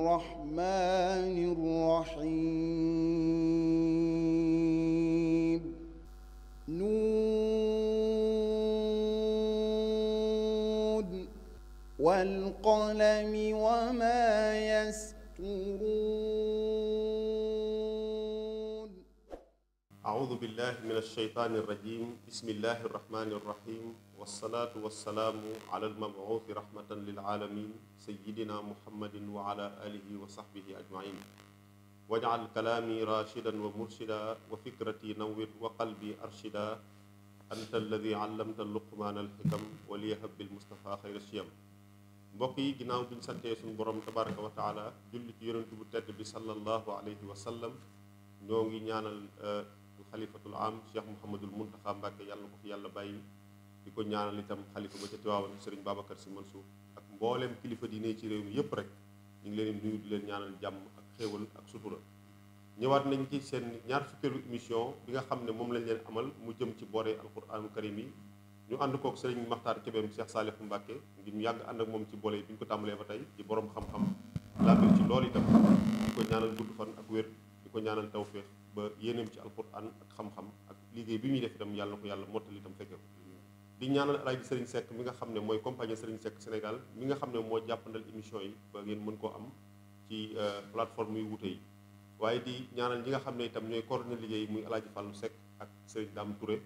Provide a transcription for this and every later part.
الرحمن الرحيم نون والقلم وما يسطرون أعوذ بالله من الشيطان الرجيم بسم الله الرحمن الرحيم wasalaatu wasalaamu ala almabuuthi rahmatan lilaalamin sayidina muhammadin wa ala alihi wa sahbihi ajmain wajcal kalaami raashidan wa murshida wa fikrati nawwir wa qalbi arshida anta alladi allamta luqmaana alxikam wa liyahab bilmustafa xayra siyam mbokk yi ginnaaw bi ñu santee suñu borom tabaraka wa taala julli ci yonent bu tedd bi sallallahu alayhi wa sallam ñoo ngi ñaanal euh, xalifatul am cheikh muhammadul muntaxa mbàkke yàlla ko fi yàlla bàyyi di ko ñaanal itam xalifa ba ca Tiwaawan sëriñ Babacar Sy Mansour ak mbooleem kilifa diine ci réew mi yëpp rek ñu ngi leen nuyu di leen ñaanal jàmm ak xéewal ak sutura ñëwaat nañ ci seen ñaar fukkeelu émission bi nga xam ne moom lañ leen amal mu jëm ci boore alquraanul karim yi ñu ànd kook sëriñ Maxtaar Kébem Cheikh Salif Mbacke ngir ñu yàgg ànd ak moom ci boole bi ñu ko tàmbalee ba tey di borom xam-xam laabir ci loolu itam di ko ñaanal gudd fan ak wér di ko ñaanal tawféex ba yéeneem ci alquran ak xam-xam ak liggéey bi ñuy def itam yàlla ko yàlla mottali itam fekke ko di ñaanal El Hadj Serigne Seck mi nga xam ne mooy compagnie Serigne Seck Sénégal mi nga xam ne moo jàppandal émission yi ba ngeen mën koo am ci euh, plateforme yu wute yi waaye di ñaanal ñi nga xam ne itam ñooy coordonné liggéey muy El Hadj Fallou Seck ak Serigne Dame Touré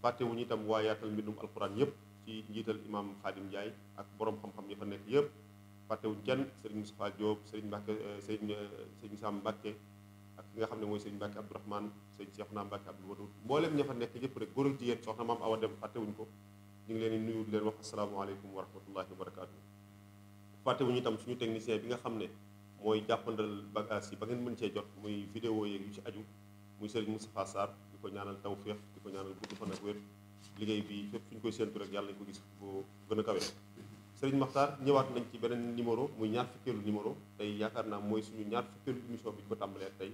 fàttewuñu itam waa yaatal mbindum alquran yëpp ci njiital imam Khadim Ndiaye ak borom xam-xam yi fa nekk yëpp fàttewuñ kenn Serigne Moustapha Diop Serigne Mbacke euh, Serigne euh, Serigne Sam Mbacke ak ki nga xam ne mooy sëñ Mbacke Abdourahmane sëñ Cheikhouna Mbacke Abdou Wadoud mboolem ña fa nekk yëpp rek góor ak jigéen soxna maam Awa Dem fàttewuñ ko ñu ngi leen di nuyu di leen wax asalaamaaleykum wa rahmatullahi wa barakaatu fàttewuñu itam suñu technicien bi nga xam ne mooy jàppandal bagage yi ba ngeen mën cee jot muy vidéo yeeg yu ci aju muy Serigne Moustapha Sarr di ko ñaanal tawféex di ko ñaanal gudd fan ak wér liggéey bi fépp fu ñu koy séentu rek yàlla nañu ko gis bu gën a kawe Serigne Makhtar ñëwaat nañ ci beneen numéro muy ñaar fukkeelu numéro tey yaakaar naa mooy suñu ñaar fukkeelu émission bi ñu ko tàmbalee tey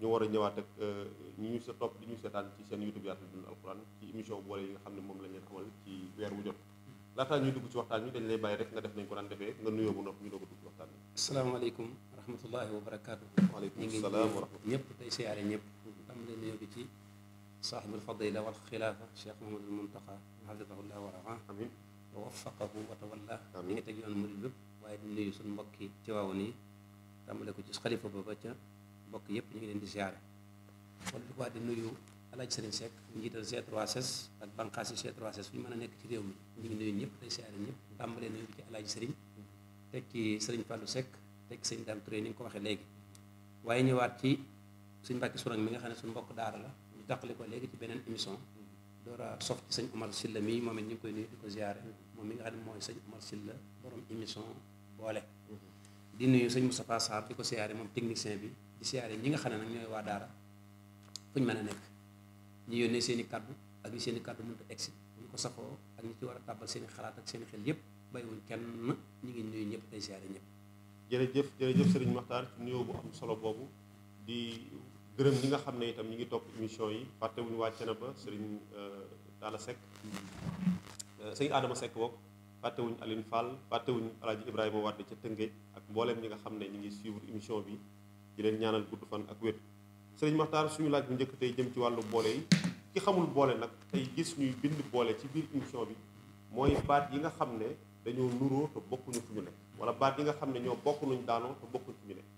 ñu war a ñëwaat ak euh, ñi ñu sa topp di ñu seetaan ci seen YouTube Yaatal Bindul Alxuraan ci émission a yi nga xam ne moom lañ leen xamal weer wu jot laataa ñuy dugg ci waxtaan wi dañ lay bàyyi rek nga def nañ ko daan defee nga nuyoo bu nopp ñu doog a dugg ci waxtaan wi asalaamaaleykum wa rahmatullahi wa barakaatu waaleykum salaam wa rahmatulah ñëpp tey siyaare ñëpp am leen nuyoo bi ci saaxibul fadila wal xilaafa cheikh mahamadul muntaqa hafidahullah wa raa amin wa waffaqahu wa tawalla ñi ngi teg yoon murid waaye di nuyu suñu mbokki ci waawoon yi tàmbale ko ci xalifa ba ba ca mbokk yëpp ñu ngi leen di siyaare kon waa di nuyu alaaj Serigne Seck ñu jiital C3S ak banqaas yi C3S fu ñu mën a nekk ci réew mi ñu ngi nuyu ñëpp day siyaare ñëpp tàmbalee nuyu ci alaaj Serigne teg ci Serigne Fallou Seck teg ci Serigne ko waxee léegi waaye ñëwaat ci suñ mbàkki surang mi nga xam ne suñ mbokk daara la ñu tàqali ko léegi ci beneen émission door a sof ci sëñ mi moom it ko ziare moom mi nga xam ne mooy sëñ Omar Silla borom émission boole di nuyu sëñ Moustapha Sarr di ko siyaare moom technicien bi di siyaare ñi nga xam ne nag ñooy waa daara fu ñu mën a nekk ñi yónnee seen i kaddu ak ñi seen i kaddu mënut a bu ñu ko safoo ak ñi ci war a tàbbal seen xalaat ak seen i xel yëpp bàyyiwuñ kenn ñu ngi nuyu ñëpp tey siyaare ñëpp. jërëjëf jërëjëf sëriñ Maxtaar ci nuyoo bu am solo boobu di gërëm ñi nga xam ne itam ñi ngi topp émission yi fàttewuñu wàcc na ba sëriñ Talla Seck euh, sëriñ Adama Seck boog fàttewuñ Aline Fall fàttewuñ Alaaji Ibrahima Wade ca Tëngéej ak mbooleem ñi nga xam ne ñi ngi suivre émission bi di leen ñaanal gudd fan ak wér sëriñ Maxtaar suñu laaj bu njëkk tey jëm ci wàllu boole yi ki xamul boole nag tey gis ñuy bind boole ci biir émission bi mooy baat yi nga xam ne dañoo nuroo te bokkuñu fu ñu nekk wala baat yi xam ne ñoo bokk nuñ daanoo te bokkuñu ñu nekk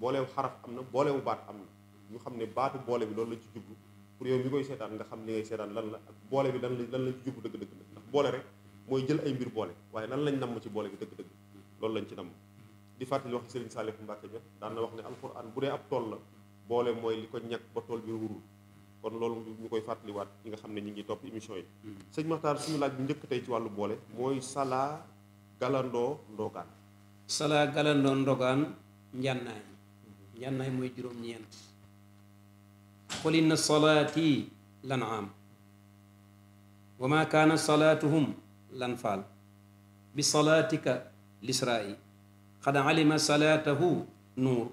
boolewu xaraf am na boolewu baat am na ñu xam ne baatu boole bi loolu la ci jublu pour yow mi koy seetaan nga xam li ngay seetaan lan la ak boole bi lan la lan lañ ci jublu dëgg-dëgg ndax boole rek mooy jël ay mbir boole waaye lan lañ namm ci boole bi dëgg-dëgg loolu lañ ci namm di fàttali wax Sëriñ Saalif Mbàkke bi daan na wax ne alquran bu dee ab tool la boole mooy li ko ñàkk ba tool bi wurul kon loolu ñu koy fàttaliwaat ñi nga xam ne ñu ngi topp émission yi. sëñ Maxtaar suñu laaj bu njëkk tey ci wàllu boole mooy salaa galandoo ndogaan. salaa galandoo ndogaan njànnaay njànnaay mooy juróom-ñeent. qul inna salaati lan am wa ma kaana salaatuhum lan faal bi salaatika lisraayi xad alima salaatahu nuur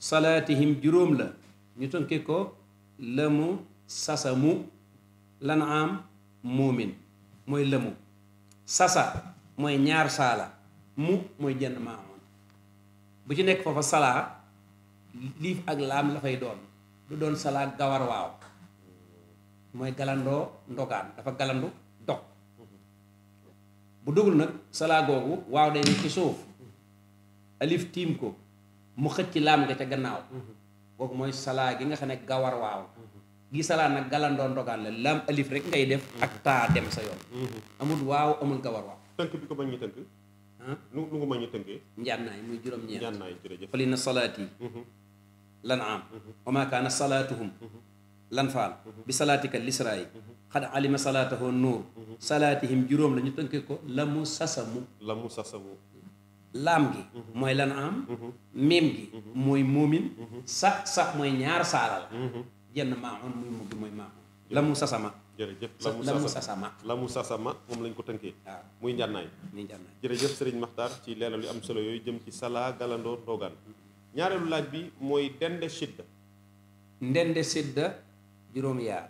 salaatihim juróom la ñu tënke ko lëmu sasamu lan am muumin mooy lëmu sasa mooy ñaar saala mu mooy jenn maamoon bu ci nekk foofa salaa liif ak laam la fay doon du doon salaa gawar waaw mooy galandoo ndogaan dafa galandu dog bu dugul nag salaa googu waaw day nekk ci suuf alif tiim ko mu xëcc laam nga ca gannaaw mhm. kooku mooy salaa gi nga xam ne gawar waaw gi salaa nag galandoon ndogaan la laam alif rek ngay def mhm. ak taa dem sa yoon mhm. amul waaw amul gawar waaw tënk bi ko bañ ñu tënk lu lu ko bañ ñu tënkee njannaay muy juróom-ñeent njannaay jërëjëf fali na salaat yi lan am wa maa kaana salaatuhum lan faal bi salaatika lisra yi xad alima salaatahoo nuur salaatihim juróom lañu ñu tënkee ko la mu sasamu la mu sasamu laam gi mooy lan am miim gi mooy moomin sax sax mooy ñaar saala la jenn maaxoon muy mugg mooy maaxoon la mu sasama jërëjëf la mu sasama moom lañ ko tënkee waaw ah. muy njànnaay muy njànnaay jërëjëf sëriñ Maxtaar ci leeral yu am solo yooyu jëm ci salaa galandoo ndogaan ñaareelu laaj bi mooy dende sidda ndende sidda juróom yaar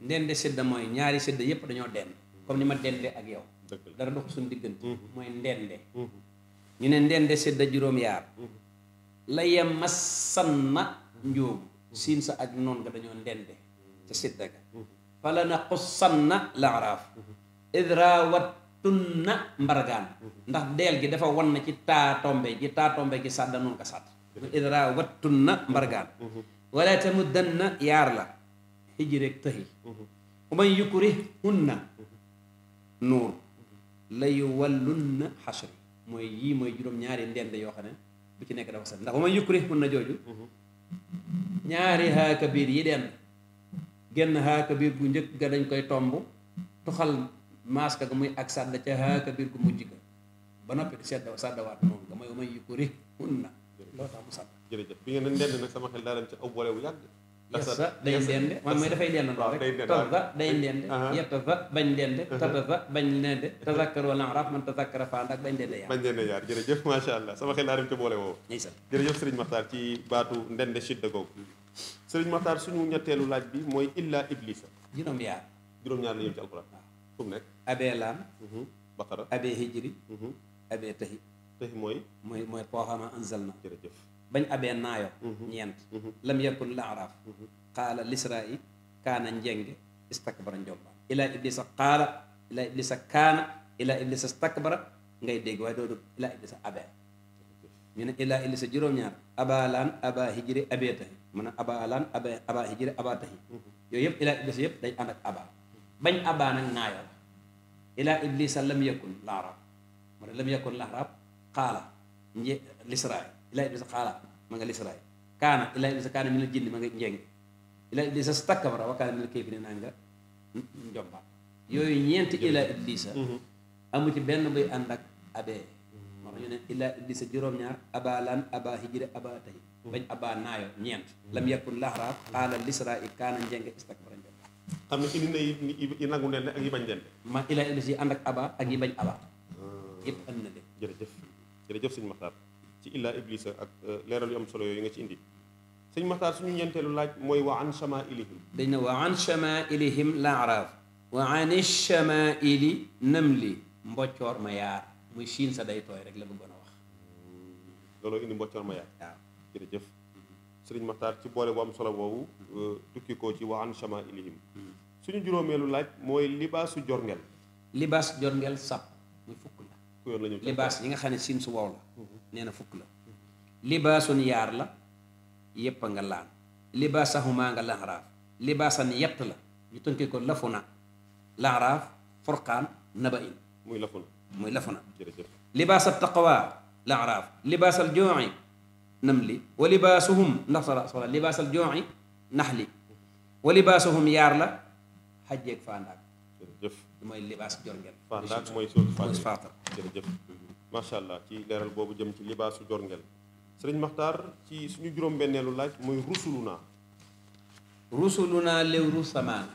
ndende sidda mooy ñaari sidda yépp dañoo dend comme ni ma dende ak yow dara dox suñ diggante mm-hmm. mooy ndende mm-hmm. ñu ne ndende sedda juróom yaar mm-hmm. la ma na njóobu siin sa ak noon nga dañoo ndende ca sedda ga fala na xussan na laaraaf idraawatun na mbargaan ndax deel gi dafa wan na ci taa tombe ji taa tombe gi sàdda noonu ko sàdd idraawatun na mbargaan wala tamuddan na yaar la xijirek tëhi uman yukurihunna nuur la yu wallunna xasri mooy yii mooy juróom-ñaari ndend yoo xam ne bu ci nekk dafa sell ndax ba ma yukkure mun na jooju mhm. ñaari haaka biir yi dend genn haaka biir bu njëkk ga dañ koy tomb tuxal maaska ga muy ak sàdd ca haaka biir gu mujj ga ba noppi di sedd sàddawaat moom ga mooy may yukkure mun na loo tax mu sàdd jërëjëf bi ngeen ndend nag sama xel daa ci aw boole yàgg yassa day ndende man mooy dafay dend ndox rek tasa day ndende yettasa bañ ndende tatasa bañ ndende tasakkaroo lan raaf man tasakkara fand ak bañ ndende yaar bañ ndende yaar jërëjëf macha allah sama xel laa dem ci boole woowu jërëjëf sëriñ Maxtaar ci baatu ndende shidda googu sëriñ Maxtaar suñu ñetteelu laaj bi mooy illa iblisa juróom yaar juróom ñaar la ñëw ci alquran fu mu nekk abee laam baqara abee hijri abee tahi tahi mooy mooy mooy koo bañ abee naayo mhm. ñeent mhm. lam yakun la araaf qaala lisraai kaana njenge istakbara njomba ilaa iblisa qaala ilaa iblisa kaana ilaa iblisa istakbara ngay dégg waaye doodu ilaa iblisa abee ñu ne ilaa iblisa juróom-ñaar abaalaan abaa hijri abee tahi mën a abaalaan abaa abaa hijri abaa tahi mhm. yooyu yëpp ilaa iblisa yëpp day ànd ak abaa bañ abaa nag naayo ilaa iblisa lam yakun la araaf mu ne lam yakun la araaf qaala nje lisraai ilaa iblisa xaala ma nga lisraay kaana ilaa iblisa kaana ma nga njeng ilaa iblisa stakbara wa kaana min al kaafiriin naa nga njomba yooyu ñeenti ilaa iblisa amu ci benn buy ànd ak abee moo tax ñu ne ilaa ñeent lam yakun lahraab xaala lisraay kaana njeng stakbara njomba xam ne indi na yi nangu ndende ak yi bañ ndende ma ilaa iblisa yi ànd ak abaa ak yi bañ abaa yëpp andi na leen jërëjëf ci illaa iblisa ak euh, leeral yu am solo yooyu nga ci indi sëñ maxtaar suñu ñeenteelu laaj mooy wa an chamailihim dañ ne wa an chamailihim la araf wa an chamaili namli mboccoor ma yaar muy siin sa day tooy rek la bëggoon a wax looloo indi mboccoor ma yaar waaw jërëjëf sëriñ maxtaar ci boole bu am solo boobu euh, tukki ko ci wa an chamailihim suñu juróomeelu laaj mooy libaasu jorngel libaas jorngel sab muy fukk la ku yoon la ñëw libaas yi nga xam ne siin su wow la nee na fukk la libaasun yaar la yépp a nga laan libaasahumaa nga laxaraaf libaasan yett la ñu tënkee ko lafuna laxaraaf furqaan naba in muy lafuna muy lafuna libaasa taqwa laxaraaf libaasal jooxi nam li wa libaasuhum ndax sala sola libaasal jooxi nax li wa libaasuhum yaar la xajjeeg faandaak mooy libaas jorngeen faandaak mooy suuf faatar jërëjëf macha allah ci leeral boobu jëm ci libaasu jorngel sëriñ Maxtaar ci suñu juróom-benneelu laaj muy rusuluna rusuluna léew rusamaan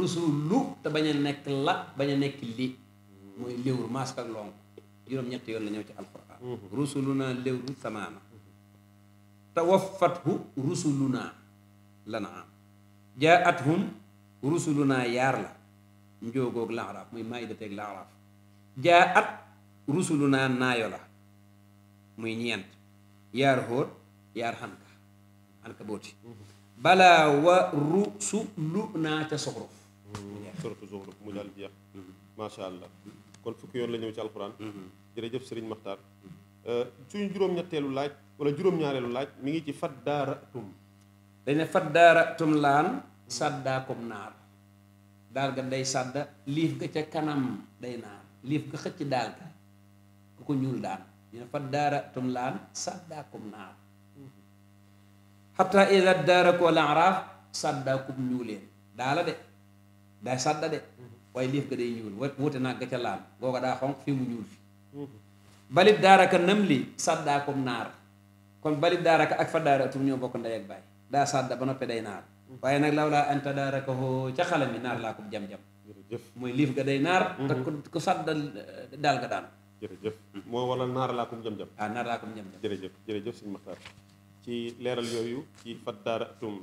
rusulu te bañ a nekk la bañ a nekk li mooy léewur mask ak lonk juróom-ñetti yoon la ñëw ci alquran mhm. rusuluna léew rusamaana te wafathu rusuluna lana am jaatuhum rusuluna yaar la njóogoog laaraaf muy maayida rusuluna naayo la muy ñeent yaar hóor yaar xanka xanka booti balaa wa rusuluna ca soxruf suratu zuhruf mu allah kon fukki yoon la ci alxuraan jërëjëf sëriñ maxtaar euh, suñu juróom-ñetteelu laaj wala juróom-ñaareelu laaj mu ngi ci faddaaratum dañ ne faddaaratum laan sàddaakum naar daal ga day sàdda liif ga ca kanam day naar liif ga xëcc daal ga ko ñuul daan ñu ne fa daaratum laan saddaakum naar xatta ida daarakoo la araaf saddaakum ñuuleen daa la de daa sadda de waaye liif ga day ñuul wuute naa ga ca laan googa daa xonq fii mu ñuul fi balit daaraka nam li saddaakum naar kon balit daaraka ak fa daaratum ñoo bokk ndey baay daa sadda ba noppee day naar waaye nag law laa anta daaraka hoo ca xale mi naar laa ko jam-jam mooy liif ga day naar te mhm. ku daal ga daan jërëjëf moo waral naara laa kum jam-jam ah naara laa jam jërëjëf jërëjëf suñu maxtaar ci leeral yooyu ci faddaara tum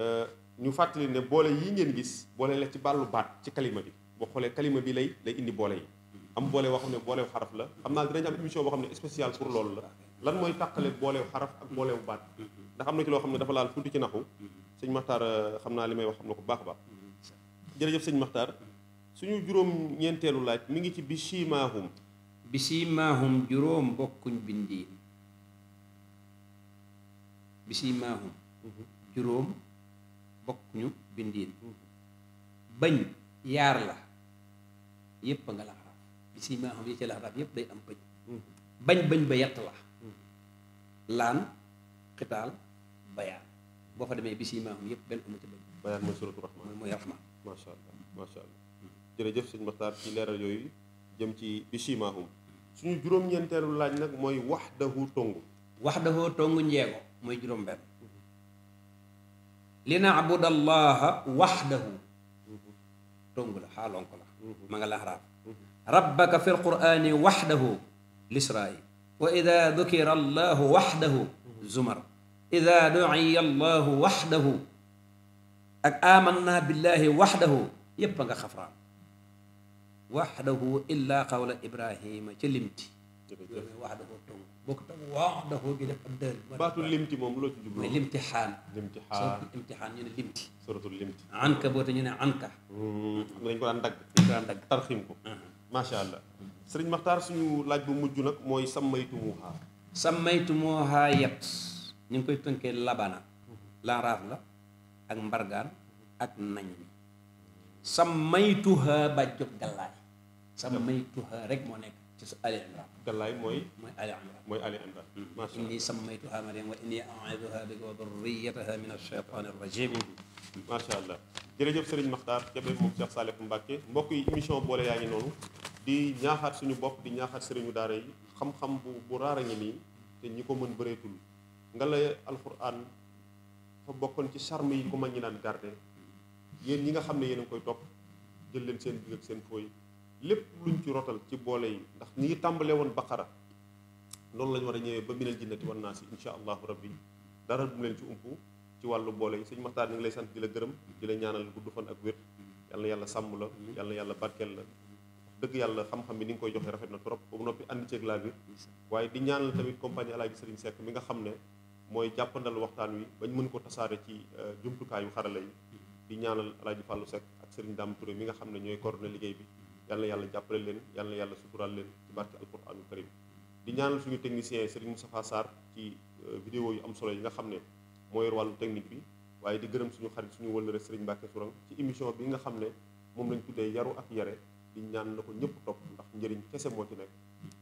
euh, ñu fàttali ne boole yi ngeen gis boole la ci bàllu baat ci kalima bi boo xoolee kalima bi lay lay indi boole yi am boole boo xam ne boolewu xaraf la xam naa dinañ am émission boo xam ne spéciale pour loolu la lan mooy boole boolewu xaraf ak boolewu baat ndax am na ci loo xam ne dafa laal tuuti ci naxu sëñ maxtaar euh, xam naa li may wax xam na ko baax baax jërëjëf sëñ maxtaar suñu juróom ñeenteelu laaj mi ngi ci bi chimaahum bi siimaahum juróom bokkuñ bindiin bi siimaahum juróom bokkuñu bindiin bañ yaar la yépp nga laxaraaf bi siimaahum ci laxaraaf yépp day am bañ bañ bañ ba yett la laan xitaal bayaan boo fa demee bi yépp benn amu ci bañ bayaan mooy suratu raxmaan mooy raxmaan macha allah macha allah jërëjëf sëñ Maxtaar ci leeral yooyu jëm ci bi suñu juróom-ñeenteelu laaj nag mooy wahdahu tongu wahdahu tongu mooy juróom-benn li na'buda allaha wahdahu tongu la xaalonk la ma nga la fi alqur'ani wahdahu lisra'i wa ida dukira allahu wahdahu zumar ida du'iya allahu wahdahu ak amanna billahi wahdahu xafraan waxdahu illa qawla ibrahima ca limti loolu mooy waxdahu tong bokk tam waxdahu bi def ab dël baatu limti moom loo ci jublu mooy limti xaan limti xaan suratul imtixaan ñu ne limti suratul limti anka boota ñu ne anka hmm, am dañ ko daan dagg dañ ko daan dagg tarxim ko macha allah sëriñ maxtaar suñu laaj bu mujj nag mooy sammaytumuha sammaytumuha yet ñu ngi koy tënkee labana laraaf la ak mbargaan ak nañ sammaytuha ba jóg gallaay sammaytuha rek moo nekk ci su Ali Imran gallaay mooy mooy Ali Imran mooy Ali Imran hmm. inni sammaytuha Maryam wa inni a'iduha bika wa dhurriyyataha min ash-shaytani rajim hmm. macha allah jërëjëf Serigne Makhtar Kébé moom Cheikh Salif Mbacké mbokk yi émission boole yaa ngi di ñaaxaat suñu bopp di ñaaxaat sëriñu daara yi xam-xam bu bu raara ngi nii te ñi ko mën bëreetul nga la alquran fa bokkoon ci charme yi ko mag ñi daan garder yéen ñi nga xam ne yéen a ngi koy topp jël leen seen biir ak seen fooy lépp luñ ci rotal ci boole yi ndax ñi ngi tàmbalee woon baqara noonu lañ war a ñëwee ba minal jinnati wan naa si insha allahu rabbi dara du leen ci umpu ci wàllu boole yi suñ Maxtaar ñu ngi lay sant di la gërëm di la ñaanal gudd fan ak wér yal na yàlla yàlla barkeel la dëgg yàlla xam-xam bi ni nga koy joxe rafet na trop ba mu noppi ànd waaye di ñaanal tamit compagnie Alaaji Sëriñ Seck mi nga xam ne mooy jàppandal waxtaan wi bañ mën ko tasaare ci euh, jumtukaayu xarala yi di ñaanal alaaji Fallou Seck ak sëriñ Dame Touré mi nga xam ne ñooy coordonné liggéey bi yal na yàlla jàppale leen yal yàlla suturaal leen ci barke alquraanu karim di ñaanal suñu technicien sëriñ Moustapha Sarr ci euh, vidéo yu am solo yi nga xam ne moo yor technique bi waaye di gërëm suñu xarit suñu wëllëre sëriñ Mbacke Sourang ci émission bi nga xam ne moom lañ tuddee yaru ak yare di ñaan la ko ñëpp topp ndax njëriñ kese moo ci nekk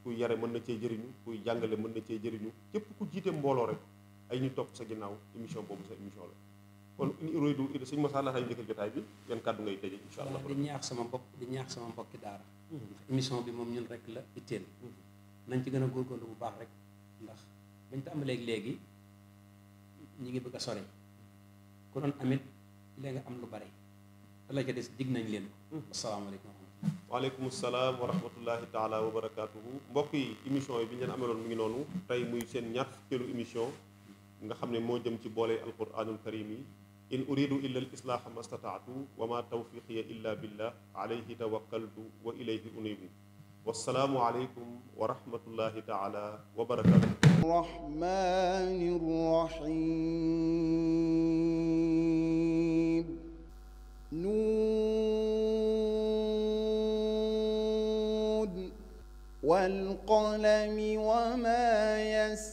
kuy yare mën na cee jëriñu kuy jàngale mën na cee jëriñu képp ku jiite mbooloo rek ay ñu topp sa ginnaaw émission boobu sa émission la kon in uridu id suñ mosaa nataa njëkk jotaay bi yan kàddu ngay tëjee incha allah di ñaax sama bopp di ñaax sama mbokki daara ndax mm-hmm. émission bi moom ñun rek la itteel mm-hmm. nañ ci gën a góorgóorlu bu baax rek ndax bañ tàmbalee léegi ñu ngi bëgg a sore ku doon amit lee am lu bari te la des dig nañ leen ko mm-hmm. asalaamaaleykum waaleykum salaam wa rahmatullahi taala wa barakaatuhu mbokk yi émission yi bi ngeen ameloon mu ngi noonu tey muy seen ñaar fukkeelu émission nga xam ne moo jëm ci boole alquranul karim yi in uridu illa al islaaha ma stataatu wa ma tawfiqiya illa billah alayhi tawakkaltu wa ilayhi unibu wassalaamu aleykum wa rahmatullahi taala wa barakatuh rahmaani rahim nuun wal qalami wa ma yas